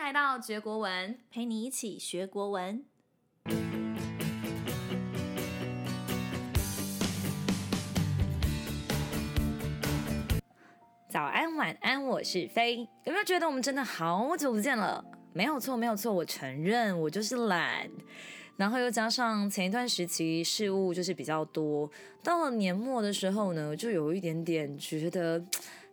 來到學國文，陪你一起學國文。早安，晚安，我是緋。有沒有覺得我們真的好久不見了？沒有錯，沒有錯，我承認，我就是懶。然後又加上前一段時期，事務就是比較多，到了年末的時候呢，就有一點點覺得。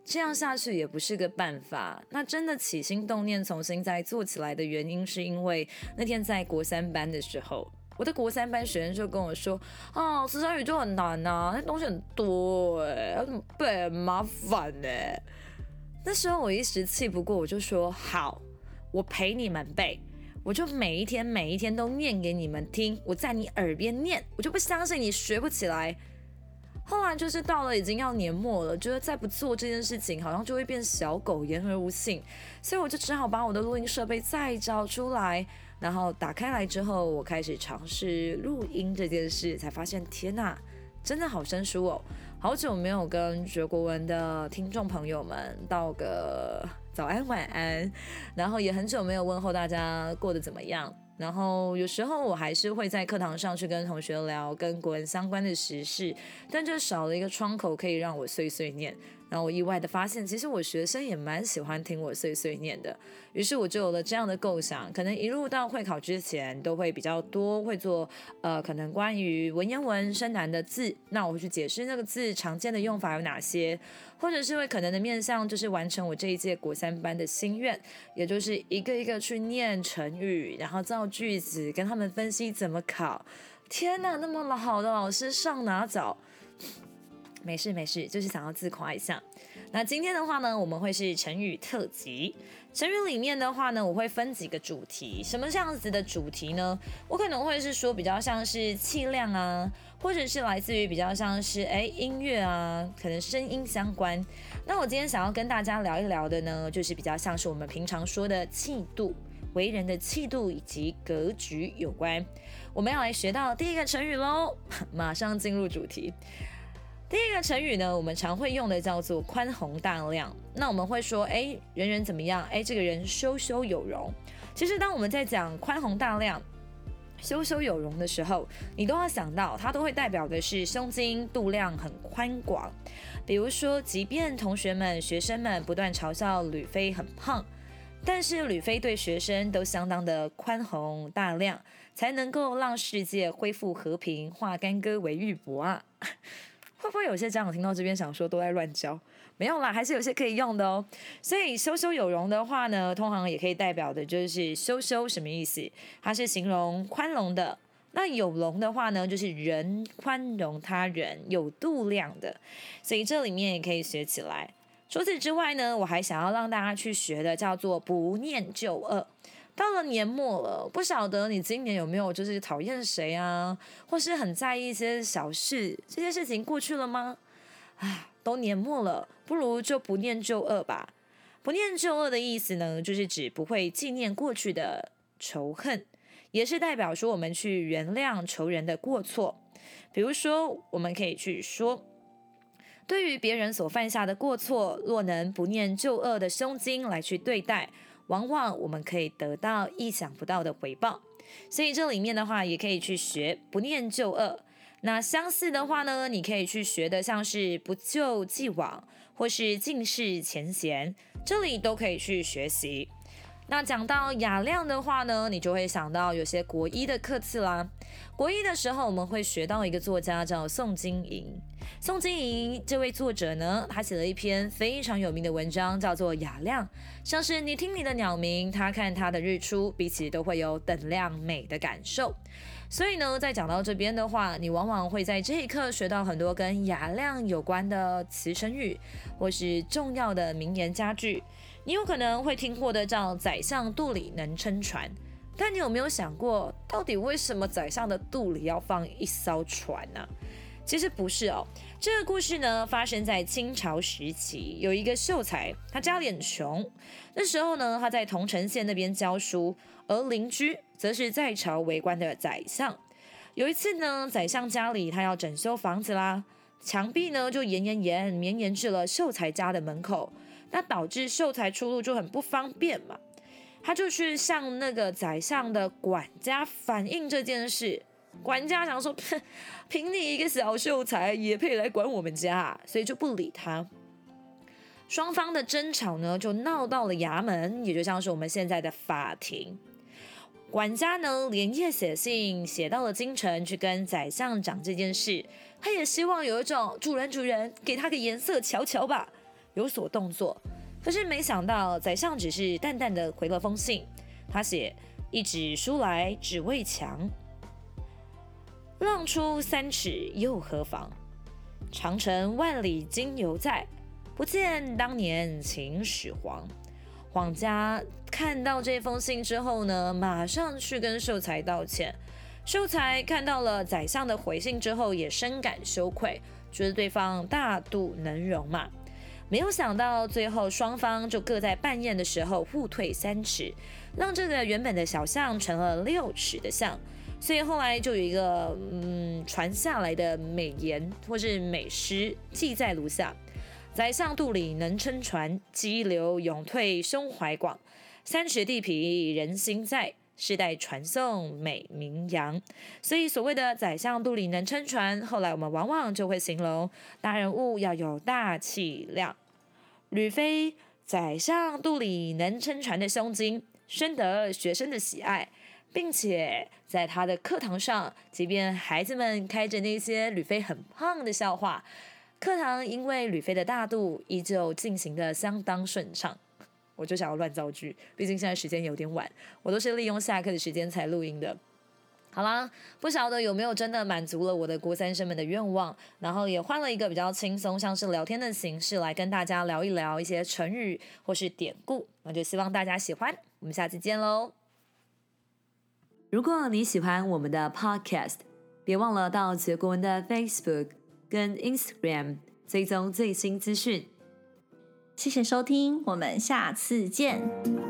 這樣下去也不是個辦法。那真的起心動念重新再做起來的原因，是因為那天在國三班的時候，我的國三班學生就跟我說：“哦，十三語就很難吶、啊，那東西很多、欸，哎，要怎麼背很麻煩呢、欸？”那時候我一時氣不過，我就說：“好，我陪你們背，我就每一天每一天都念給你們聽，我在你耳邊念，我就不相信你學不起來。”後來就是到了已經要年末了，覺得再不做這件事情，好像就會變小狗，言而無信，所以我就只好把我的錄音設備再找出來，然後打開來之後，我開始嘗試錄音這件事，才發現天吶，真的好生疏哦，好久沒有跟學國文的聽眾朋友們道個早安晚安，然後也很久沒有問候大家過得怎麼樣。然後有時候我還是會在課堂上去跟同學聊跟國文相關的時事，但這少了一個窗口可以讓我碎碎念。然後我意外的發現，其實我學生也蠻喜歡聽我碎碎念的，於是我就有了這樣的構想，可能一路到會考之前，都會比較多會做，呃，可能關於文言文生難的字，那我會去解釋那個字常見的用法有哪些，或者是會可能的面向就是完成我這一屆國三班的心願，也就是一個一個去念成語，然後造句子，跟他們分析怎麼考。天哪，那麼好的老師上哪找？沒事沒事，就是想要自誇一下。那今天的話呢，我們會是成語特輯。成語裡面的話呢，我會分幾個主題。什麼樣子的主題呢？我可能會是說比較像是氣量啊，或者是來自於比較像是哎音樂啊，可能聲音相關。那我今天想要跟大家聊一聊的呢，就是比較像是我們平常說的氣度，為人的氣度以及格局有關。我們要來學到第一個成語嘍，馬上進入主題。第一個成語呢，我們常會用的叫做寬宏大量。那我們會說，哎、欸，人人怎麼樣？哎、欸，這個人休休有容。其實，當我們在講寬宏大量、休休有容的時候，你都要想到，它都會代表的是胸襟度量很寬廣。比如說，即便同學們、學生們不斷嘲笑呂緋很胖，但是呂緋對學生都相當的寬宏大量，才能夠讓世界恢復和平，化干戈為玉帛啊。會不會有些家長聽到這邊想說都在亂教？沒有啦，還是有些可以用的哦。所以“休休有容”的話呢，通常也可以代表的就是“休休”什麼意思？它是形容寬容的。那“有容”的話呢，就是人寬容他人、有度量的。所以這裡面也可以學起來。除此之外呢，我還想要讓大家去學的叫做“不念舊惡”。到了年末了，不曉得你今年有沒有就是討厭誰啊，或是很在意一些小事，這些事情過去了嗎？啊，都年末了，不如就不念舊惡吧。不念舊惡的意思呢，就是指不會紀念過去的仇恨，也是代表說我們去原諒仇人的過錯。比如說，我們可以去說，對於別人所犯下的過錯，若能不念舊惡的胸襟來去對待。往往我們可以得到意想不到的回報，所以這裡面的話也可以去學不念舊惡。那相似的話呢，你可以去學的像是不咎既往或是盡釋前嫌，這裡都可以去學習。那講到雅量的話呢，你就會想到有些國一的課次啦。國一的時候，我們會學到一個作家叫宋晶宜。宋晶宜這位作者呢，他寫了一篇非常有名的文章，叫做《雅量》，像是你聽你的鳥鳴，他看他的日出，彼此都會有等量美的感受。所以呢，在講到這邊的話，你往往會在這一課學到很多跟雅量有關的詞、成語，或是重要的名言佳句。你有可能會聽過的，叫“宰相肚裡能撐船”，但你有沒有想過，到底為什麼宰相的肚裡要放一艘船呢、啊？其實不是哦。這個故事呢，發生在清朝時期，有一個秀才，他家裡很窮。那時候呢，他在桐城縣那邊教書，而鄰居則是在朝為官的宰相。有一次呢，宰相家裡他要整修房子啦，牆壁呢就延延延綿延，延，延，延至了秀才家的門口。他導致秀才出路就很不方便嘛，他就去向那個宰相的管家反映這件事，管家想說，憑你一個小秀才也配來管我們家，所以就不理他。雙方的爭吵呢，就鬧到了衙門，也就像是我們現在的法庭。管家呢，連夜寫信寫到了京城去跟宰相講這件事，他也希望有一種主人主人給他個顏色瞧瞧吧。有所動作，可是沒想到宰相只是淡淡的回了封信。他寫：“一紙書來只為牆，浪出三尺又何妨？長城萬里今猶在，不見當年秦始皇。”黃家看到這封信之後呢，馬上去跟秀才道歉。秀才看到了宰相的回信之後，也深感羞愧，覺得對方大度能容嘛。沒有想到，最後雙方就各在半夜的時候互退三尺，讓這個原本的小巷成了六尺的巷。所以後來就有一個嗯傳下來的美言或是美詩，記載如下：宰相肚裡能撐船，激流勇退胸懷廣，三尺地皮人心在。世代傳頌，美名揚。所以所謂的“宰相肚裡能撐船”，後來我們往往就會形容大人物要有大氣量。呂緋“宰相肚裡能撐船”的胸襟，深得學生的喜愛，並且在他的課堂上，即便孩子們開着那些呂緋很胖的笑話，課堂因為呂緋的大度，依舊進行得相當順暢。我就想要亂造句，畢竟現在時間有點晚，我都是利用下課的時間才錄音的。好啦，不曉得有沒有真的滿足了我的國三生們的願望，然後也換了一個比較輕鬆，像是聊天的形式來跟大家聊一聊一些成語或是典故，那就希望大家喜歡。我們下次見嘍！如果你喜歡我們的 Podcast，別忘了到杰國文的 Facebook 跟 Instagram 追蹤最新資訊。謝謝收聽，我們下次見。